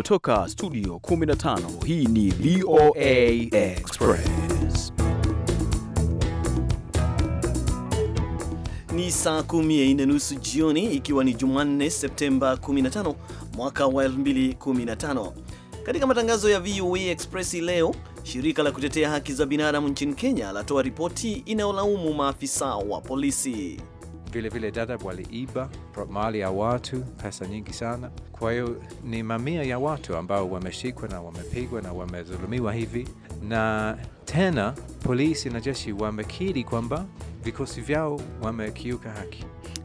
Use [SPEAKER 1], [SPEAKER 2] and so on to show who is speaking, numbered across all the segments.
[SPEAKER 1] kutoka studio 15 hii ni VOA Express ni saa kumi na nusu jioni ikiwa ni Jumanne Septemba 15 mwaka wa 2015 katika matangazo ya VOA Express leo shirika la kutetea haki za binadamu nchini Kenya latoa ripoti inayolaumu maafisa wa polisi
[SPEAKER 2] Vilevile Dadab waliiba mali ya watu, pesa nyingi sana. Kwa hiyo ni mamia ya watu ambao wameshikwa na wamepigwa na wamedhulumiwa hivi, na tena polisi na jeshi wamekiri kwamba vikosi vyao wamekiuka haki.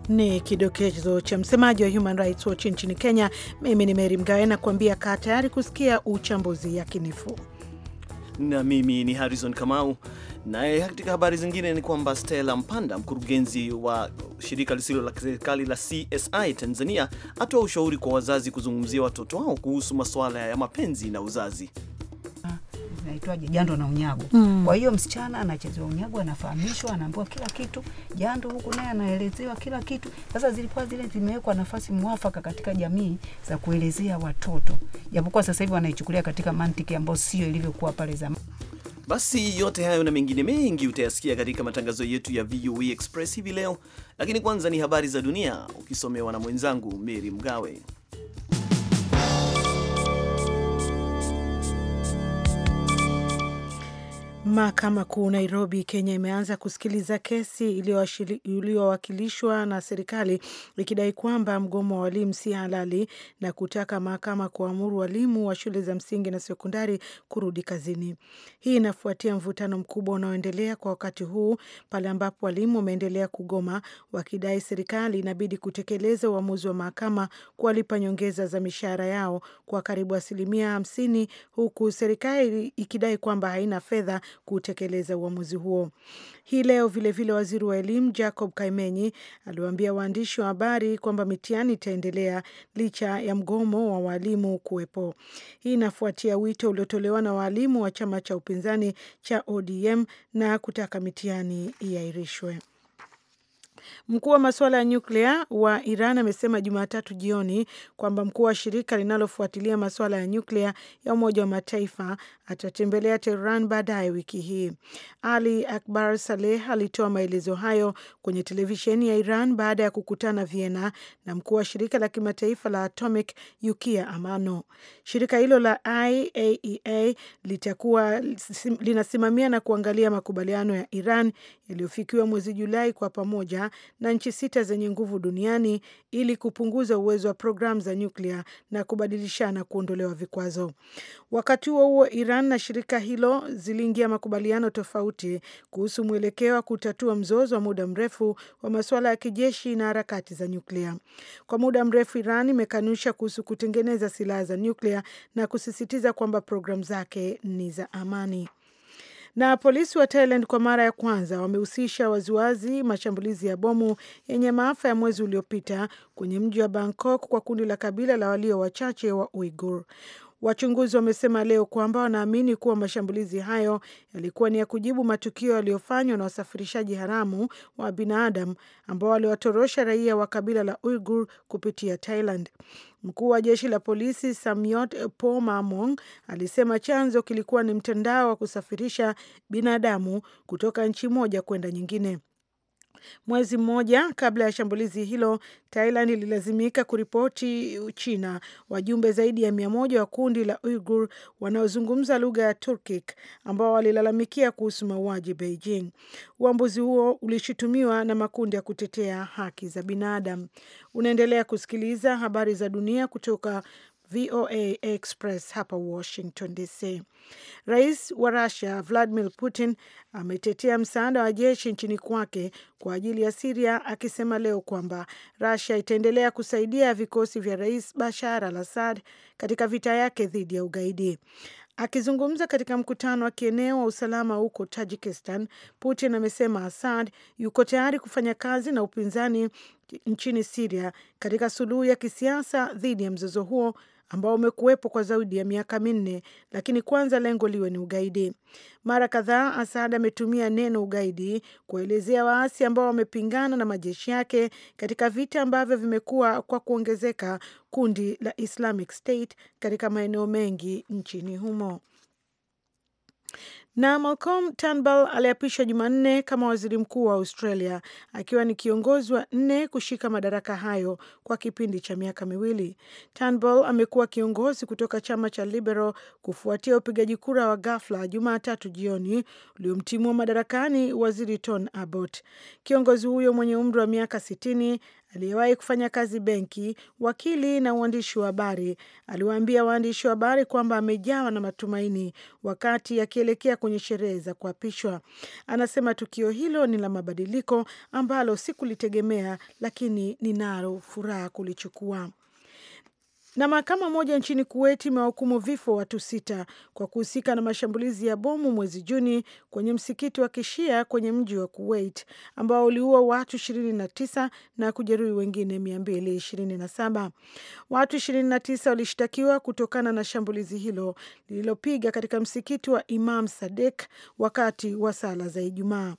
[SPEAKER 3] Ni kidokezo cha msemaji wa Human Rights Watch nchini Kenya. Mimi ni Meri Mgawe na kuambia kaa tayari kusikia uchambuzi yakinifu
[SPEAKER 1] na mimi ni Harrison Kamau. Naye katika habari zingine ni kwamba Stella Mpanda, mkurugenzi wa shirika lisilo la serikali la CSI Tanzania, atoa ushauri kwa wazazi kuzungumzia watoto wao kuhusu masuala ya mapenzi na uzazi
[SPEAKER 4] inaitwaje jando na unyago mm. Kwa hiyo msichana anachezewa unyago, anafahamishwa, anaambiwa kila kitu, jando huku naye anaelezewa kila kitu. Sasa zilikuwa zile zimewekwa nafasi mwafaka katika jamii za kuelezea watoto, japokuwa sasa hivi wanaichukulia katika mantiki ambayo sio ilivyokuwa pale zamani.
[SPEAKER 1] Basi yote hayo na mengine mengi utayasikia katika matangazo yetu ya VOA e Express hivi leo, lakini kwanza ni habari za dunia ukisomewa na mwenzangu Mary Mgawe.
[SPEAKER 3] Mahakama Kuu Nairobi, Kenya imeanza kusikiliza kesi iliyowakilishwa na serikali ikidai kwamba mgomo wa walimu si halali na kutaka mahakama kuamuru walimu wa shule za msingi na sekondari kurudi kazini. Hii inafuatia mvutano mkubwa unaoendelea kwa wakati huu pale ambapo walimu wameendelea kugoma wakidai serikali inabidi kutekeleza uamuzi wa mahakama kuwalipa nyongeza za mishahara yao kwa karibu asilimia hamsini huku serikali ikidai kwamba haina fedha kutekeleza uamuzi huo. Hii leo vilevile, waziri wa elimu Jacob Kaimenyi aliwaambia waandishi wa habari kwamba mitihani itaendelea licha ya mgomo wa waalimu kuwepo. Hii inafuatia wito uliotolewa na waalimu wa chama cha upinzani cha ODM na kutaka mitihani iahirishwe. Mkuu wa masuala ya nyuklia wa Iran amesema Jumatatu jioni kwamba mkuu wa shirika linalofuatilia masuala ya nyuklia ya Umoja wa Mataifa atatembelea Tehran baadaye wiki hii. Ali Akbar Saleh alitoa maelezo hayo kwenye televisheni ya Iran baada ya kukutana Vienna na mkuu wa shirika la kimataifa la Atomic Yukia Amano. Shirika hilo la IAEA e litakuwa linasimamia na kuangalia makubaliano ya Iran yaliyofikiwa mwezi Julai kwa pamoja na nchi sita zenye nguvu duniani ili kupunguza uwezo wa programu za nyuklia na kubadilishana kuondolewa vikwazo. Wakati huo huo, Iran na shirika hilo ziliingia makubaliano tofauti kuhusu mwelekeo wa kutatua mzozo wa muda mrefu wa masuala ya kijeshi na harakati za nyuklia. Kwa muda mrefu, Iran imekanusha kuhusu kutengeneza silaha za nyuklia na kusisitiza kwamba programu zake ni za amani. Na polisi wa Thailand kwa mara ya kwanza wamehusisha waziwazi mashambulizi ya bomu yenye maafa ya mwezi uliopita kwenye mji wa Bangkok kwa kundi la kabila la walio wachache wa uigur Wachunguzi wamesema leo kwamba wanaamini kuwa mashambulizi hayo yalikuwa ni ya kujibu matukio yaliyofanywa na wasafirishaji haramu wa binadamu ambao waliwatorosha raia wa kabila la uigur kupitia Thailand. Mkuu wa jeshi la polisi Samyot po mamong alisema chanzo kilikuwa ni mtandao wa kusafirisha binadamu kutoka nchi moja kwenda nyingine. Mwezi mmoja kabla ya shambulizi hilo, Thailand ililazimika kuripoti China wajumbe zaidi ya mia moja wa kundi la uigur wanaozungumza lugha ya Turkic ambao walilalamikia kuhusu mauaji Beijing. Uambuzi huo ulishutumiwa na makundi ya kutetea haki za binadamu. Unaendelea kusikiliza habari za dunia kutoka VOA Express hapa Washington DC. Rais wa Russia Vladimir Putin ametetea msaada wa jeshi nchini kwake kwa ajili ya Siria akisema leo kwamba Russia itaendelea kusaidia vikosi vya Rais Bashar al-Assad katika vita yake dhidi ya ugaidi. Akizungumza katika mkutano wa kieneo wa usalama huko Tajikistan, Putin amesema Assad yuko tayari kufanya kazi na upinzani nchini Siria katika suluhu ya kisiasa dhidi ya mzozo huo ambao umekuwepo kwa zaidi ya miaka minne, lakini kwanza lengo liwe ni ugaidi. Mara kadhaa Asad ametumia neno ugaidi kuelezea waasi ambao wamepingana na majeshi yake katika vita ambavyo vimekuwa kwa kuongezeka kundi la Islamic State katika maeneo mengi nchini humo. Na Malcolm Turnbull aliapishwa Jumanne kama waziri mkuu wa Australia akiwa ni kiongozi wa nne kushika madaraka hayo kwa kipindi cha miaka miwili. Turnbull amekuwa kiongozi kutoka chama cha Liberal kufuatia upigaji kura wa ghafla Jumatatu jioni uliomtimua madarakani waziri Tony Abbott. Kiongozi huyo mwenye umri wa miaka sitini aliyewahi kufanya kazi benki, wakili na uandishi wa habari. Aliwaambia waandishi wa habari kwamba amejawa na matumaini wakati akielekea kwenye sherehe za kuapishwa. Anasema tukio hilo ni la mabadiliko ambalo sikulitegemea, lakini ninalo furaha kulichukua. Na mahakama moja nchini Kuwait imewahukumu vifo watu sita kwa kuhusika na mashambulizi ya bomu mwezi Juni kwenye msikiti wa kishia kwenye mji wa Kuwait ambao uliua watu 29 na kujeruhi wengine 227. Watu 29 walishtakiwa kutokana na shambulizi hilo lililopiga katika msikiti wa Imam Sadek wakati wa sala za Ijumaa.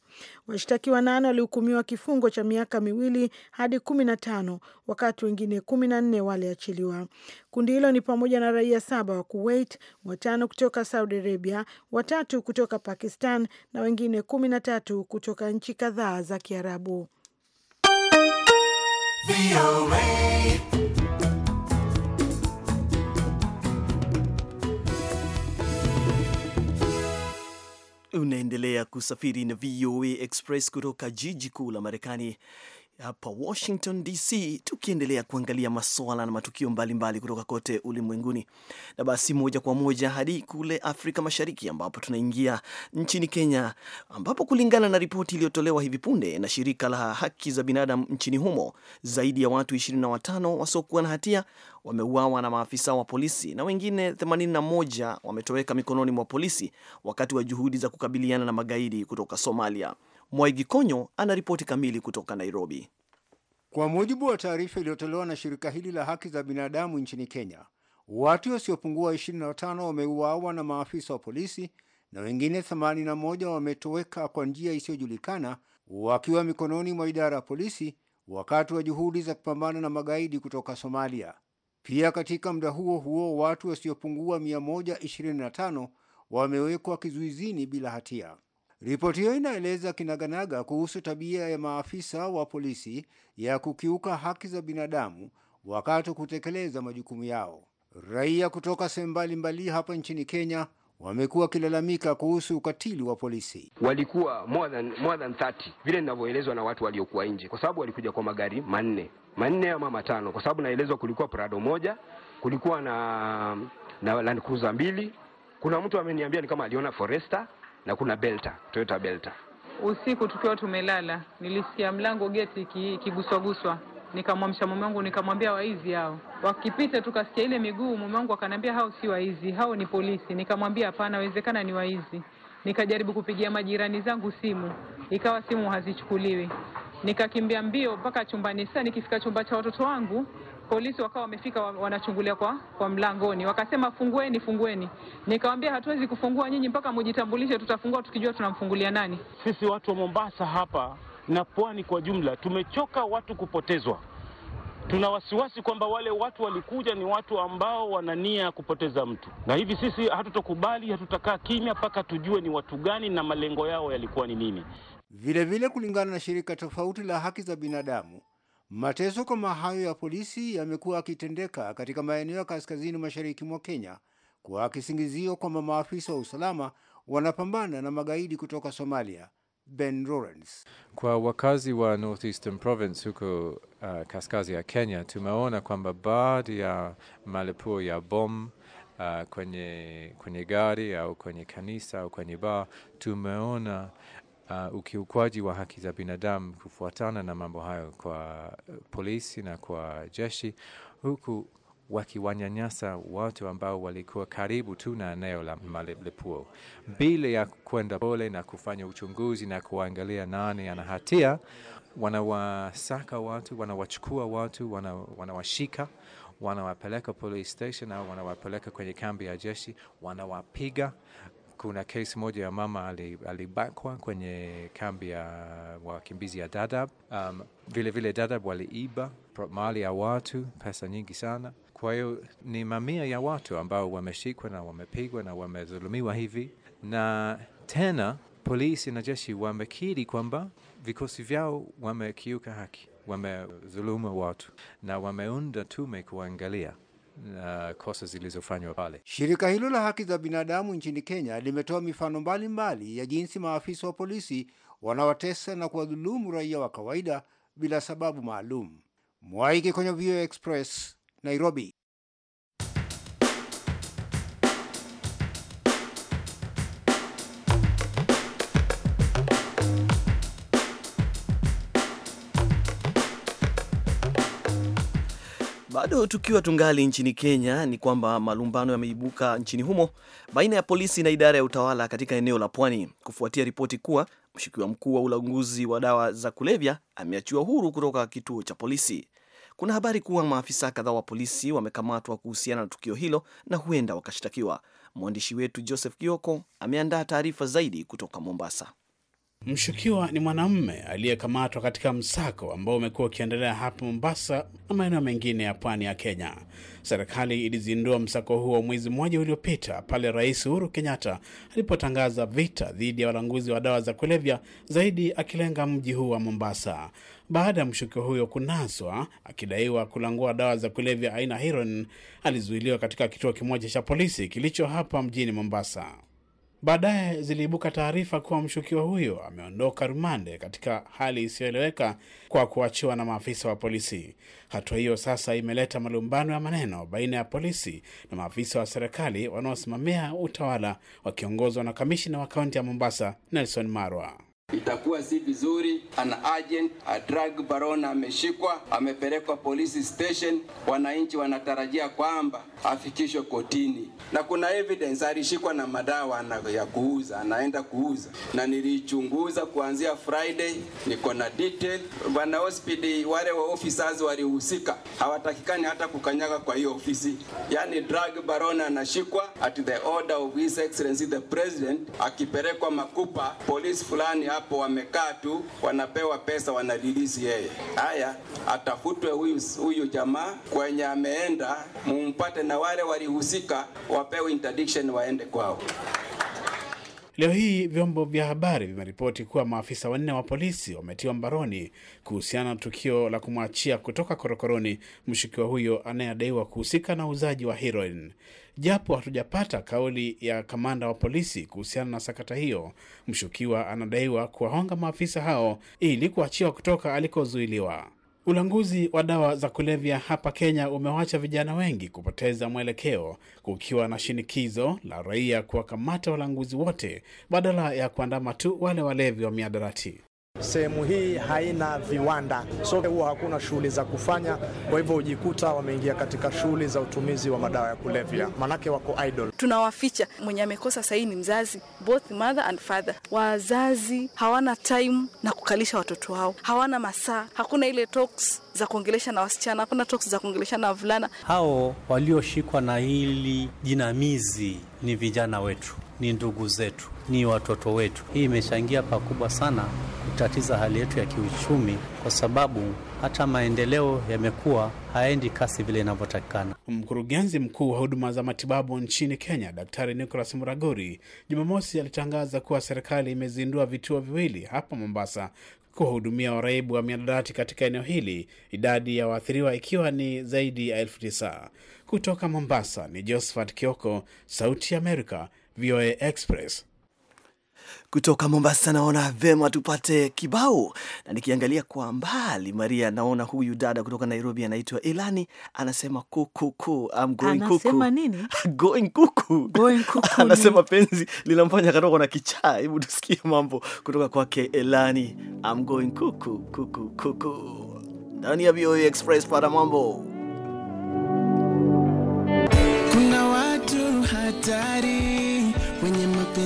[SPEAKER 3] Washtakiwa nane walihukumiwa kifungo cha miaka miwili hadi 15 wakati wengine 14 waliachiliwa. Kundi hilo ni pamoja na raia saba wa Kuwait, watano kutoka Saudi Arabia, watatu kutoka Pakistan na wengine kumi na tatu kutoka nchi kadhaa za Kiarabu.
[SPEAKER 1] Unaendelea kusafiri na VOA Express kutoka jiji kuu la Marekani hapa Washington DC, tukiendelea kuangalia masuala na matukio mbalimbali kutoka kote ulimwenguni. Na basi moja kwa moja hadi kule Afrika Mashariki, ambapo tunaingia nchini Kenya, ambapo kulingana na ripoti iliyotolewa hivi punde na shirika la haki za binadamu nchini humo, zaidi ya watu 25 wasiokuwa na hatia wameuawa na maafisa wa polisi na wengine 81 wametoweka mikononi mwa polisi wakati wa juhudi za kukabiliana na magaidi kutoka Somalia. Mwaigi Konyo ana ripoti kamili kutoka Nairobi.
[SPEAKER 5] Kwa mujibu wa taarifa iliyotolewa na shirika hili la haki za binadamu nchini Kenya, watu wasiopungua 25 wameuawa na maafisa wa polisi na wengine 81 wametoweka kwa njia isiyojulikana wakiwa mikononi mwa idara ya polisi wakati wa juhudi za kupambana na magaidi kutoka Somalia. Pia katika muda huo huo watu wasiopungua 125 wamewekwa kizuizini bila hatia. Ripoti hiyo inaeleza kinaganaga kuhusu tabia ya maafisa wa polisi ya kukiuka haki za binadamu wakati wa kutekeleza majukumu yao. Raia kutoka sehemu mbalimbali hapa nchini Kenya wamekuwa wakilalamika kuhusu ukatili wa polisi. Walikuwa more than, more than 30 vile ninavyoelezwa na watu waliokuwa nje, kwa sababu walikuja kwa magari manne manne ama matano, kwa sababu naelezwa kulikuwa Prado moja, kulikuwa na na Land Cruiser mbili. Kuna mtu ameniambia ni kama aliona Forester na kuna Belta, Toyota Belta.
[SPEAKER 6] Usiku tukiwa
[SPEAKER 3] tumelala, nilisikia mlango geti ikiguswaguswa nikamwamsha mume wangu nikamwambia, waizi hao wakipita, tukasikia ile miguu. Mume wangu akaniambia, hao si waizi, hao ni polisi. Nikamwambia hapana, wezekana ni waizi. Nikajaribu kupigia majirani zangu simu, ikawa simu hazichukuliwi. Nikakimbia mbio mpaka chumbani. Sasa nikifika chumba cha watoto wangu, polisi wakawa wamefika wanachungulia kwa, kwa mlangoni, wakasema fungueni, fungueni. Nikawambia
[SPEAKER 2] hatuwezi
[SPEAKER 5] kufungua nyinyi mpaka mujitambulishe, tutafungua tukijua tunamfungulia nani. Sisi watu wa Mombasa hapa
[SPEAKER 1] na pwani kwa jumla tumechoka watu kupotezwa. Tuna wasiwasi kwamba wale watu walikuja ni watu ambao wana nia ya kupoteza mtu, na hivi sisi hatutokubali, hatutakaa kimya mpaka tujue ni watu gani na malengo yao yalikuwa ni nini. Vilevile,
[SPEAKER 5] kulingana na shirika tofauti la haki za binadamu Mateso kama hayo ya polisi yamekuwa akitendeka katika maeneo ya kaskazini mashariki mwa Kenya kwa kisingizio kwamba maafisa wa usalama wanapambana na magaidi kutoka Somalia. Ben Lawrence.
[SPEAKER 2] Kwa wakazi wa Northeastern Province huko uh, kaskazi ya Kenya, tumeona kwamba baadhi ya malipuo ya bom uh, kwenye, kwenye gari au kwenye kanisa au kwenye bar tumeona uh, ukiukwaji wa haki za binadamu kufuatana na mambo hayo kwa uh, polisi na kwa jeshi, huku wakiwanyanyasa watu ambao walikuwa karibu tu na eneo la malipuo bila ya kwenda pole na kufanya uchunguzi na kuangalia nani ana hatia. Wanawasaka watu, wanawachukua watu, wanawashika, wanawapeleka police station au wanawapeleka kwenye kambi ya jeshi, wanawapiga kuna kesi moja ya mama alibakwa kwenye kambi ya wakimbizi ya Dadab. Um, vile vile waliiba mali ya watu, pesa nyingi sana. Kwa hiyo ni mamia ya watu ambao wameshikwa na wamepigwa na wamedhulumiwa hivi, na tena polisi na jeshi wamekiri kwamba vikosi vyao wamekiuka haki, wamedhuluma watu na wameunda tume kuangalia na kosa zilizofanywa pale. Shirika
[SPEAKER 5] hilo la haki za binadamu nchini Kenya limetoa mifano mbalimbali mbali ya jinsi maafisa wa polisi wanawatesa na kuwadhulumu raia wa kawaida bila sababu maalum. Mwaiki kwenye VOA Express, Nairobi.
[SPEAKER 1] Bado tukiwa tungali nchini Kenya, ni kwamba malumbano yameibuka nchini humo baina ya polisi na idara ya utawala katika eneo la pwani kufuatia ripoti kuwa mshukiwa mkuu wa ulanguzi wa dawa za kulevya ameachiwa huru kutoka kituo cha polisi. Kuna habari kuwa maafisa kadhaa wa polisi wamekamatwa kuhusiana na tukio hilo na huenda wakashtakiwa. Mwandishi wetu Joseph Kioko ameandaa taarifa zaidi kutoka Mombasa. Mshukiwa ni mwanamume
[SPEAKER 6] aliyekamatwa katika msako ambao umekuwa ukiendelea hapa Mombasa na maeneo mengine ya pwani ya Kenya. Serikali ilizindua msako huo mwezi mmoja uliopita pale Rais Uhuru Kenyatta alipotangaza vita dhidi ya walanguzi wa dawa za kulevya, zaidi akilenga mji huu wa Mombasa baada ya mshukiwa huyo kunaswa akidaiwa kulangua dawa za kulevya aina heroin. Alizuiliwa katika kituo kimoja cha polisi kilicho hapa mjini Mombasa. Baadaye ziliibuka taarifa kuwa mshukiwa huyo ameondoka rumande katika hali isiyoeleweka kwa kuachiwa na maafisa wa polisi. Hatua hiyo sasa imeleta malumbano ya maneno baina ya polisi na maafisa wa serikali wanaosimamia utawala wakiongozwa na kamishina wa kaunti ya Mombasa, Nelson Marwa.
[SPEAKER 5] Itakuwa si vizuri, an agent a drug baron ameshikwa, amepelekwa polisi station, wananchi wanatarajia kwamba afikishwe kotini na kuna evidence alishikwa na madawa ya kuuza, anaenda kuuza, na nilichunguza kuanzia Friday, niko na detail. Bwana Ospidi, wale wa officers walihusika, hawatakikani hata kukanyaga kwa hiyo ofisi. Yani drug baron anashikwa at the order of His Excellency the President, akipelekwa Makupa, polisi fulani hapo wamekaa tu, wanapewa pesa, wanadilisi yeye. Haya, atafutwe huyu, huyu jamaa kwenye ameenda, mumpate na wale walihusika wapewe interdiction, waende kwao.
[SPEAKER 6] Leo hii vyombo vya habari vimeripoti kuwa maafisa wanne wa polisi wametiwa mbaroni kuhusiana na tukio la kumwachia kutoka korokoroni mshukiwa huyo anayedaiwa kuhusika na uuzaji wa heroin. Japo hatujapata kauli ya kamanda wa polisi kuhusiana na sakata hiyo, mshukiwa anadaiwa kuwahonga maafisa hao ili kuachiwa kutoka alikozuiliwa. Ulanguzi wa dawa za kulevya hapa Kenya umewacha vijana wengi kupoteza mwelekeo, kukiwa na shinikizo la raia kuwakamata walanguzi wote badala ya kuandama tu wale walevi wa miadarati. Sehemu hii haina viwanda, so huwa hakuna shughuli za kufanya, kwa hivyo hujikuta wameingia katika shughuli za utumizi wa madawa ya kulevya, manake wako idol.
[SPEAKER 3] Tunawaficha mwenye amekosa sahii ni mzazi, both mother and father. Wazazi hawana time na kukalisha watoto wao, hawana masaa, hakuna ile talks za kuongelesha na wasichana, hakuna talks za kuongelesha na wavulana.
[SPEAKER 6] Hao walioshikwa na hili jinamizi ni vijana wetu, ni ndugu zetu ni watoto wetu. Hii imechangia pakubwa sana kutatiza hali yetu ya kiuchumi, kwa sababu hata maendeleo yamekuwa haendi kasi vile inavyotakikana. Mkurugenzi mkuu wa huduma za matibabu nchini Kenya, Daktari Nicholas Muragori, Jumamosi alitangaza kuwa serikali imezindua vituo viwili hapa Mombasa kuwahudumia waraibu wa miadarati katika eneo hili, idadi ya waathiriwa ikiwa ni zaidi ya elfu tisa. Kutoka Mombasa ni Josephat Kioko, Sauti ya Amerika, VOA
[SPEAKER 1] Express kutoka Mombasa. Naona vema tupate kibao, na nikiangalia kwa mbali, Maria, naona huyu dada kutoka Nairobi anaitwa Ilani, anasema kukuku, I'm going kuku. anasema Nini? Going kuku. Going kuku anasema penzi linamfanya katoka na kichaa. Hebu tusikie mambo kutoka kwake Ilani, I'm going kuku kuku kuku, ndani ya VOA Express para mambo
[SPEAKER 6] kuna watu hatari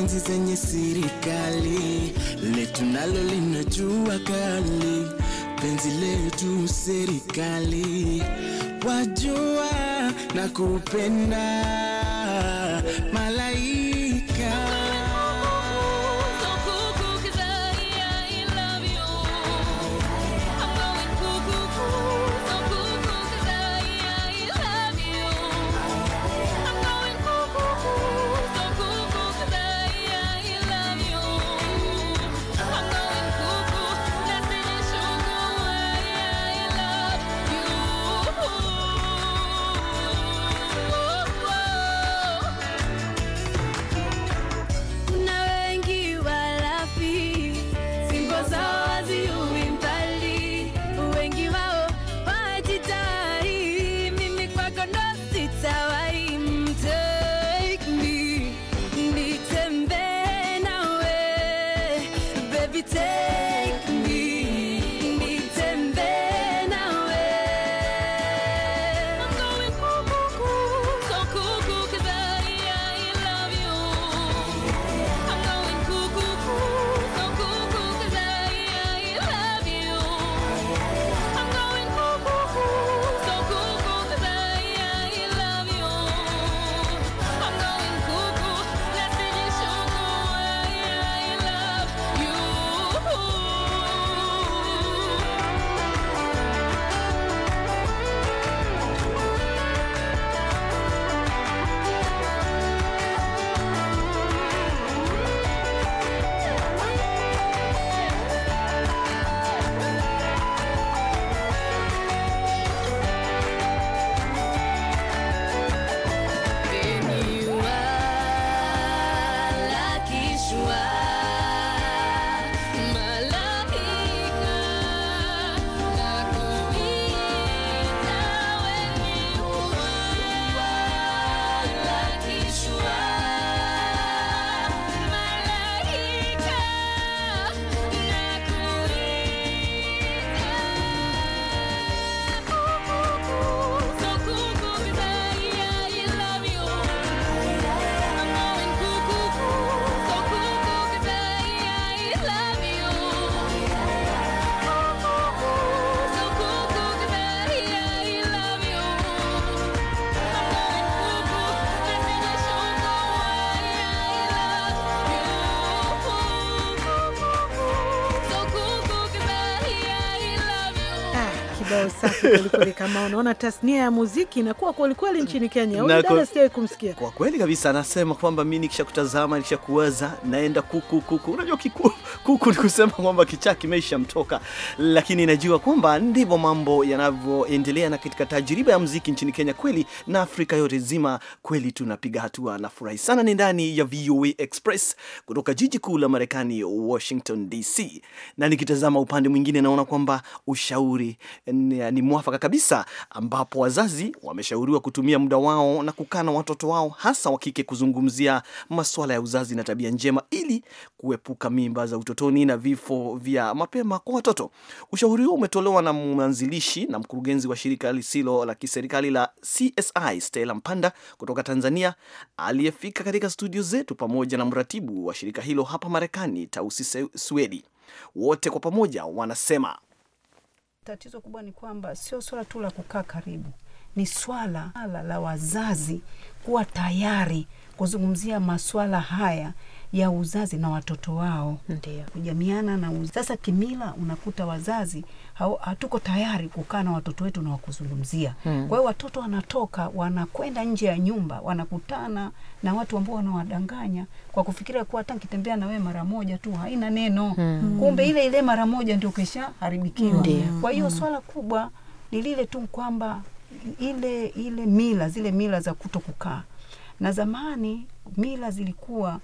[SPEAKER 6] enzi zenye sirikali letu nalo linajua kali, penzi letu serikali, wajua na kupenda mala
[SPEAKER 3] kwelikweli. Kama unaona tasnia ya muziki inakuwa kwelikweli nchini Kenya. Huyu dada sijawahi kumsikia
[SPEAKER 1] kwa kweli kabisa, anasema kwamba mi nikishakutazama nikishakuwaza naenda kuku kuku, unajua kikuu kuku ni kusema kwamba kichaa kimeisha mtoka, lakini najua kwamba ndivyo mambo yanavyoendelea. Na katika tajriba ya muziki nchini Kenya kweli na Afrika yote zima, kweli tunapiga hatua. Nafurahi sana. Ni ndani ya VOA Express kutoka jiji kuu la Marekani, Washington DC, na nikitazama upande mwingine naona kwamba ushauri ni, ni mwafaka kabisa, ambapo wazazi wameshauriwa kutumia muda wao na kukaa na watoto wao hasa wa kike kuzungumzia masuala ya uzazi na tabia njema ili kuepuka mimba za utotoni na vifo vya mapema kwa watoto. Ushauri huo umetolewa na mwanzilishi na mkurugenzi wa shirika lisilo la kiserikali la CSI Stella Mpanda kutoka Tanzania, aliyefika katika studio zetu pamoja na mratibu wa shirika hilo hapa Marekani, Tausi Swedi. Wote kwa pamoja wanasema
[SPEAKER 4] tatizo kubwa ni kwamba sio swala tu la kukaa karibu, ni swala la wazazi kuwa tayari kuzungumzia masuala haya ya uzazi na watoto wao, ndio kujamiana na uzazi. Sasa kimila unakuta wazazi hatuko tayari kukaa na watoto wetu na wakuzungumzia hmm. Kwa hiyo watoto wanatoka wanakwenda nje ya nyumba, wanakutana na watu ambao wanawadanganya kwa kufikiria kuwa hata nikitembea na wewe mara moja tu haina neno
[SPEAKER 7] hmm. Kumbe
[SPEAKER 4] ile ile mara moja ndio kesha haribikiwa. Kwa hiyo hmm. swala kubwa ni lile tu kwamba ile ile mila zile mila za kuto kukaa na zamani mila zilikuwa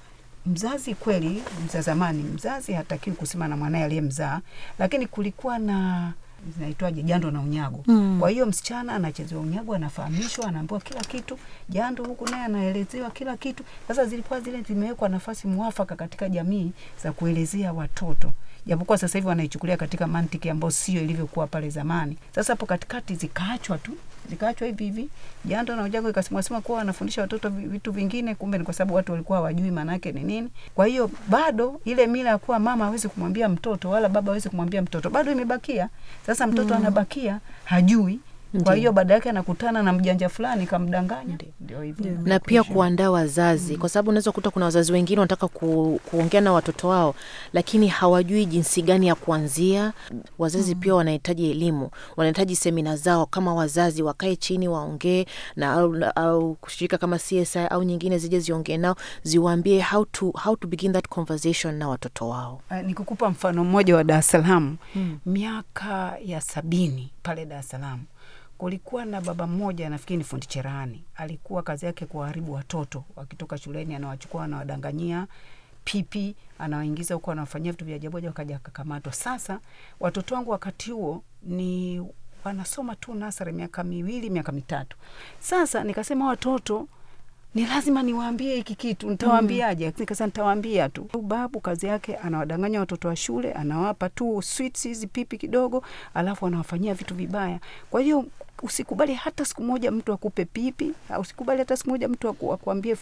[SPEAKER 4] mzazi kweli mza zamani, mzazi hatakiwi kusema na mwanaye aliye mzaa lakini kulikuwa na zinaitwaje jando na unyago. Mm. Kwa hiyo msichana anachezewa unyago, anafahamishwa, anaambiwa kila kitu. Jando huku naye anaelezewa kila kitu. Sasa zilikuwa zile zimewekwa nafasi mwafaka katika jamii za kuelezea watoto japokuwa sasa hivi wanaichukulia katika mantiki ambayo sio ilivyokuwa pale zamani. Sasa hapo katikati zikaachwa tu, zikaachwa hivi hivi. Jando na Ujago ikasemwasema kuwa wanafundisha watoto vitu vingine, kumbe ni kwa sababu watu walikuwa hawajui maana yake ni nini. Kwa hiyo bado ile mila ya kuwa mama hawezi kumwambia mtoto wala baba hawezi kumwambia mtoto bado imebakia. Sasa mtoto mm. anabakia hajui kwa hiyo baada yake anakutana na mjanja fulani kamdanganya. Ndio hivyo.
[SPEAKER 7] Na pia kuandaa wazazi mm. kwa sababu unaweza kukuta kuna wazazi wengine wanataka ku, kuongea na watoto wao lakini hawajui jinsi gani ya kuanzia. Wazazi mm. pia wanahitaji elimu, wanahitaji semina zao kama wazazi, wakae chini waongee na au, au kushirika kama CSI au nyingine zije ziongee nao ziwaambie how to, how to begin that conversation na watoto wao.
[SPEAKER 4] Uh, nikukupa mfano mmoja
[SPEAKER 7] wa Dar es Salaam mm.
[SPEAKER 4] miaka ya sabini pale Dar es Salaam kulikuwa na baba mmoja nafikiri ni fundi cherani alikuwa kazi yake kuwaharibu watoto wakitoka shuleni, anawachukua anawadanganyia pipi anawaingiza huko, anawafanyia vitu vya ajabu wakaja akakamatwa. Sasa watoto wangu wakati huo ni wanasoma tu nasare miaka miwili miaka mitatu. Sasa nikasema watoto ni lazima niwaambie hiki kitu. Nitawaambiaje? Mm. Nikasema nitawaambia tu, babu kazi yake anawadanganya watoto wa shule, anawapa tu sweets hizi pipi kidogo, alafu anawafanyia vitu vibaya. Kwa hiyo usikubali hata siku moja mtu akupe pipi, usikubali hata siku moja mtu akuambie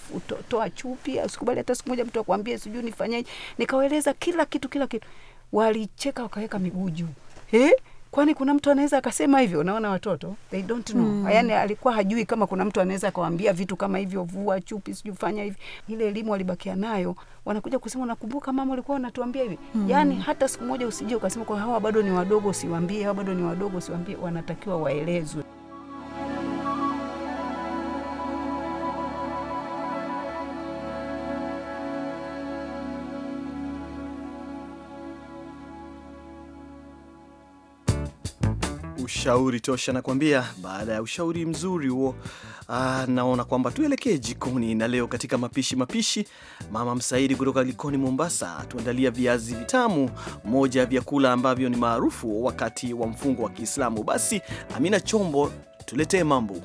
[SPEAKER 4] toa chupi, usikubali hata siku moja mtu akuambie sijui nifanyaje. Nikawaeleza kila kitu, kila kitu, walicheka wakaweka miguu juu eh kwani kuna mtu anaweza akasema hivyo? Unaona watoto they don't know mm. Yani alikuwa hajui kama kuna mtu anaweza akawambia vitu kama hivyo, vua chupi, sijui fanya hivi. Ile elimu alibakia nayo, wanakuja kusema nakumbuka mama alikuwa anatuambia hivi mm. Yani hata siku moja usije ukasema kwa hawa bado ni wadogo, siwambie hawa bado ni wadogo, siwambie Wanatakiwa waelezwe.
[SPEAKER 1] ushauri tosha, nakuambia Baada ya ushauri mzuri huo, ah, naona kwamba tuelekee jikoni, na leo katika mapishi mapishi, Mama Msaidi kutoka Likoni, Mombasa, tuandalia viazi vitamu, moja ya vyakula ambavyo ni maarufu wakati wa mfungo wa Kiislamu. Basi Amina Chombo, tuletee mambo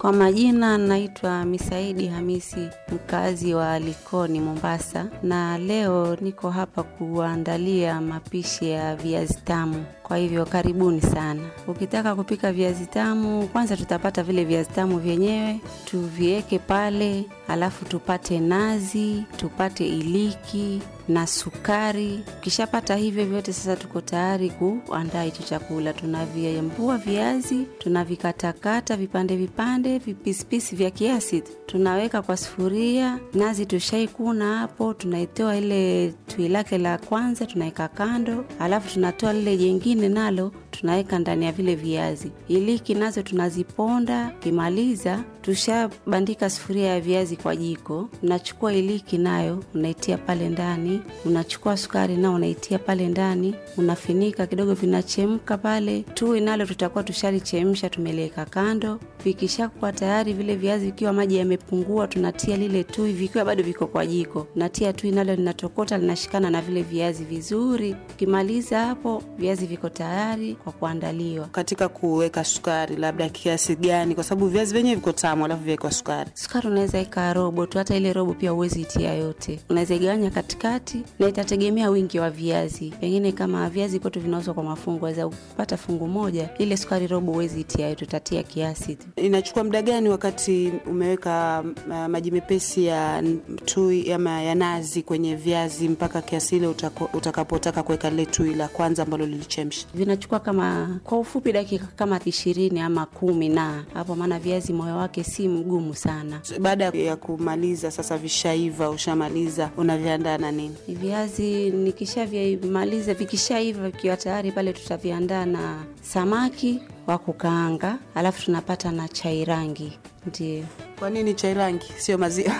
[SPEAKER 8] kwa majina naitwa Misaidi Hamisi, mkazi wa Likoni, Mombasa, na leo niko hapa kuandalia mapishi ya viazi tamu. Kwa hivyo karibuni sana. Ukitaka kupika viazi tamu, kwanza tutapata vile viazi tamu vyenyewe, tuvieke pale, alafu tupate nazi, tupate iliki na sukari. Ukishapata hivyo vyote, sasa tuko tayari kuandaa hicho chakula. Tunaviambua viazi, tunavikatakata vipande vipande, vipisipisi vya kiasi, tunaweka kwa sufuria. Nazi tushaikuna hapo, tunaitoa ile tui lake la kwanza, tunaweka kando, alafu tunatoa lile jengine nalo tunaweka ndani ya vile viazi. Iliki nazo tunaziponda, kimaliza tushabandika sufuria ya viazi kwa jiko, unachukua iliki nayo unaitia pale ndani, unachukua sukari nao unaitia pale ndani, unafinika kidogo, vinachemka pale. Tui nalo tutakuwa tushalichemsha, tumeliweka kando. Vikishakuwa tayari vile viazi, vikiwa maji yamepungua, tunatia lile tui, vikiwa bado viko kwa jiko, natia tui nalo linatokota, linashikana na vile viazi vizuri. Ukimaliza hapo, viazi viko tayari kwa kuandaliwa.
[SPEAKER 7] Katika kuweka sukari, labda kiasi gani? Kwa sababu viazi vyenyewe viko tamu, alafu viwekwa sukari.
[SPEAKER 8] Sukari unaweza weka robo tu, hata ile robo pia huwezi itia yote, unaweza igawanya katikati, na itategemea wingi wa viazi. Pengine kama viazi kwetu vinauzwa kwa mafungu, aweza kupata fungu moja, ile sukari robo huwezi itia yote, utatia kiasi tu. Inachukua
[SPEAKER 7] muda gani wakati umeweka uh, maji mepesi ya tui ama ya nazi kwenye viazi mpaka kiasi ile utakapotaka utaka kuweka lile tui la kwanza ambalo lilichemsha? vinachukua kama kwa ufupi dakika kama ishirini ama kumi na hapo, maana viazi
[SPEAKER 8] moyo wake si mgumu sana. Baada ya
[SPEAKER 7] kumaliza sasa, vishaiva, ushamaliza, unaviandaa na nini
[SPEAKER 8] viazi? Nikishavimaliza vikishaiva, vikiwa tayari pale, tutaviandaa na samaki wa kukaanga, alafu tunapata na chai rangi. Ndio kwa nini chai rangi, sio maziwa?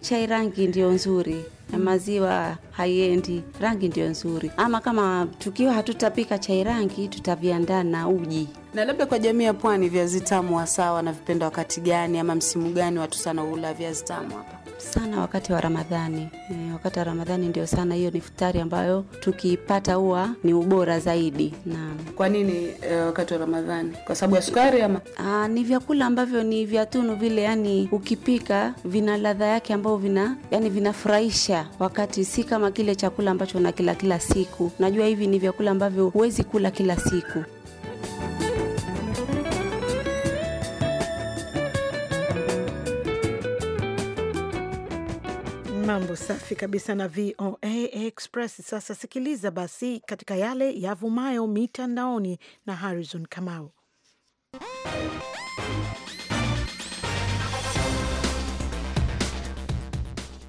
[SPEAKER 8] Chai rangi ndio nzuri na maziwa haiendi, rangi ndio nzuri. Ama kama tukiwa hatutapika chai rangi, tutaviandaa na
[SPEAKER 7] uji. Na labda kwa jamii ya pwani, viazi tamu hasa wanavipenda wakati gani ama msimu gani watu sana hula viazi tamu hapa?
[SPEAKER 8] Sana wakati wa Ramadhani. E, wakati wa Ramadhani ndio sana, hiyo ni futari ambayo tukipata huwa ni ubora zaidi.
[SPEAKER 7] Naam. Kwa nini e, wakati wa Ramadhani? Kwa sababu ya sukari
[SPEAKER 8] ama? A, ah, ni vyakula ambavyo ni vyatunu vile, yani ukipika vina ladha yake ambayo vina yani vinafurahisha, wakati si kama kile chakula ambacho unakila kila siku. Najua hivi ni vyakula ambavyo huwezi kula kila siku.
[SPEAKER 3] Mambo safi kabisa na VOA Express. Sasa sikiliza basi katika yale yavumayo mitandaoni na Harrison Kamau.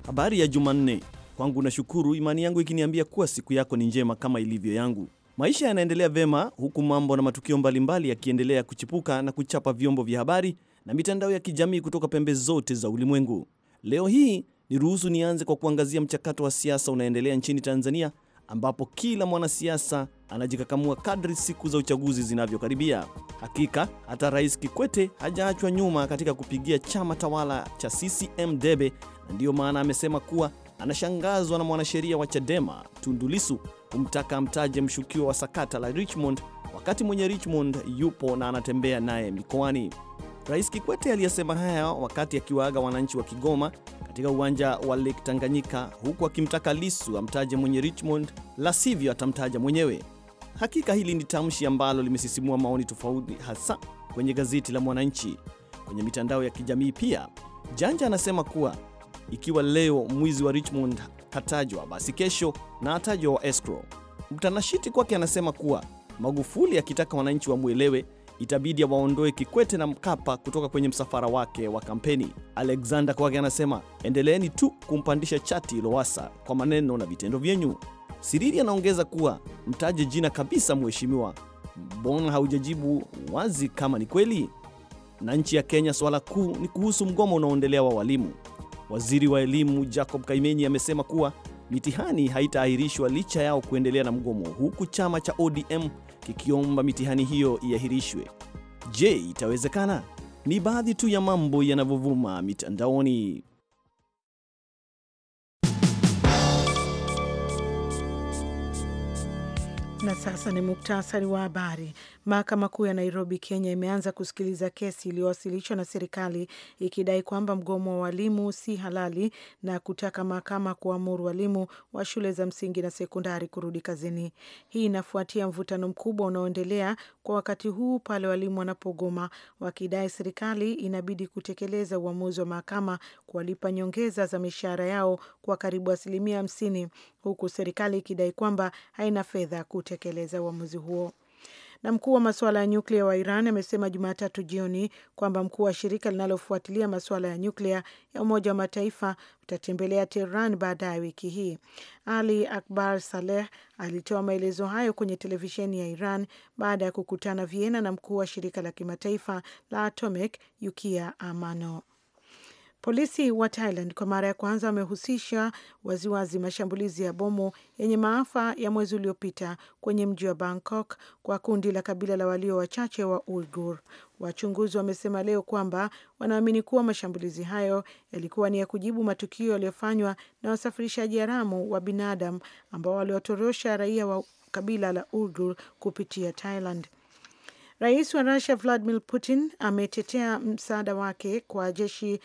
[SPEAKER 1] Habari ya Jumanne kwangu, nashukuru imani yangu ikiniambia kuwa siku yako ni njema kama ilivyo yangu. Maisha yanaendelea vema huku mambo na matukio mbalimbali yakiendelea kuchipuka na kuchapa vyombo vya habari na mitandao ya kijamii kutoka pembe zote za ulimwengu. Leo hii Niruhusu nianze kwa kuangazia mchakato wa siasa unaendelea nchini Tanzania ambapo kila mwanasiasa anajikakamua kadri siku za uchaguzi zinavyokaribia. Hakika hata Rais Kikwete hajaachwa nyuma katika kupigia chama tawala cha CCM debe, na ndiyo maana amesema kuwa anashangazwa na mwanasheria wa Chadema tundulisu kumtaka amtaje mshukiwa wa sakata la Richmond wakati mwenye Richmond yupo na anatembea naye mikoani. Rais Kikwete aliyesema haya wakati akiwaaga wananchi wa Kigoma katika uwanja wa Lake Tanganyika, huku akimtaka Lisu amtaje mwenye Richmond, la sivyo atamtaja mwenyewe. Hakika hili ni tamshi ambalo limesisimua maoni tofauti, hasa kwenye gazeti la Mwananchi, kwenye mitandao ya kijamii pia. Janja anasema kuwa ikiwa leo mwizi wa Richmond hatajwa, basi kesho na atajwa wa escrow. Mtanashiti kwake anasema kuwa Magufuli akitaka wananchi wamwelewe itabidi waondoe Kikwete na Mkapa kutoka kwenye msafara wake wa kampeni. Alexander kwake anasema endeleeni tu kumpandisha chati lowasa kwa maneno na vitendo vyenyu. Siriri anaongeza kuwa mtaje jina kabisa, mheshimiwa, mbona haujajibu wazi kama ni kweli? Na nchi ya Kenya, swala kuu ni kuhusu mgomo unaoendelea wa walimu. Waziri wa elimu Jacob Kaimenyi amesema kuwa mitihani haitaahirishwa licha yao kuendelea na mgomo, huku chama cha ODM kikiomba mitihani hiyo iahirishwe. Je, itawezekana? Ni baadhi tu ya mambo yanavyovuma mitandaoni. Na sasa
[SPEAKER 3] ni muktasari wa habari. Mahakama Kuu ya Nairobi, Kenya imeanza kusikiliza kesi iliyowasilishwa na serikali ikidai kwamba mgomo wa walimu si halali na kutaka mahakama kuamuru walimu wa shule za msingi na sekondari kurudi kazini. Hii inafuatia mvutano mkubwa unaoendelea kwa wakati huu pale walimu wanapogoma wakidai serikali inabidi kutekeleza uamuzi wa mahakama kuwalipa nyongeza za mishahara yao kwa karibu asilimia hamsini huku serikali ikidai kwamba haina fedha kutekeleza uamuzi huo. Na mkuu wa masuala ya nyuklia wa Iran amesema Jumatatu jioni kwamba mkuu wa shirika linalofuatilia masuala ya nyuklia ya Umoja wa Mataifa utatembelea Tehran baadaye wiki hii. Ali Akbar Saleh alitoa maelezo hayo kwenye televisheni ya Iran baada ya kukutana Vienna na mkuu wa shirika la kimataifa la Atomic yukia Amano. Polisi wa Thailand kwa mara ya kwanza wamehusisha waziwazi mashambulizi ya bomu yenye maafa ya mwezi uliopita kwenye mji wa Bangkok kwa kundi la kabila la walio wachache wa Uigur. Wachunguzi wamesema leo kwamba wanaamini kuwa mashambulizi hayo yalikuwa ni ya kujibu matukio yaliyofanywa na wasafirishaji haramu wa binadamu ambao waliwatorosha raia wa kabila la Uigur kupitia Thailand. Rais wa rusia Vladimir Putin ametetea msaada wake kwa jeshi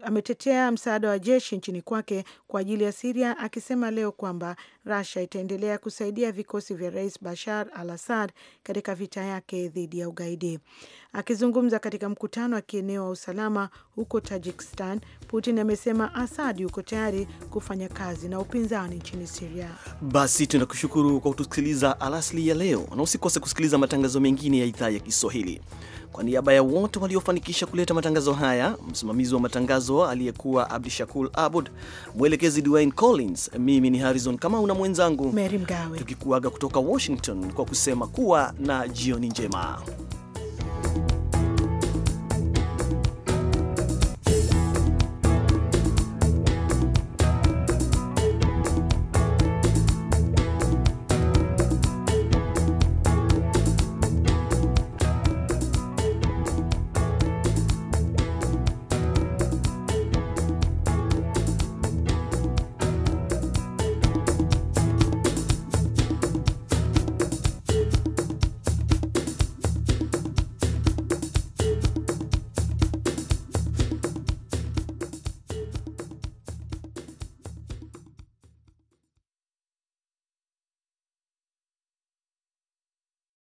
[SPEAKER 3] ametetea msaada wa jeshi nchini kwake kwa ajili ya Siria akisema leo kwamba Russia itaendelea kusaidia vikosi vya Rais Bashar al-Assad katika vita yake dhidi ya ugaidi. Akizungumza katika mkutano wa kieneo wa usalama huko Tajikistan, Putin amesema Assad yuko tayari kufanya kazi na upinzani nchini Siria.
[SPEAKER 1] Basi tunakushukuru kwa kutusikiliza alasli ya leo, na usikose kusikiliza matangazo mengine ya idhaa ya Kiswahili. Kwa niaba ya wote waliofanikisha kuleta matangazo haya, msimamizi wa matangazo aliyekuwa Abdishakur Abud, mwelekezi Dwayne Collins, mimi ni Harrison Kamau na mwenzangu Mary Mgawe, tukikuaga kutoka Washington kwa kusema kuwa na jioni njema.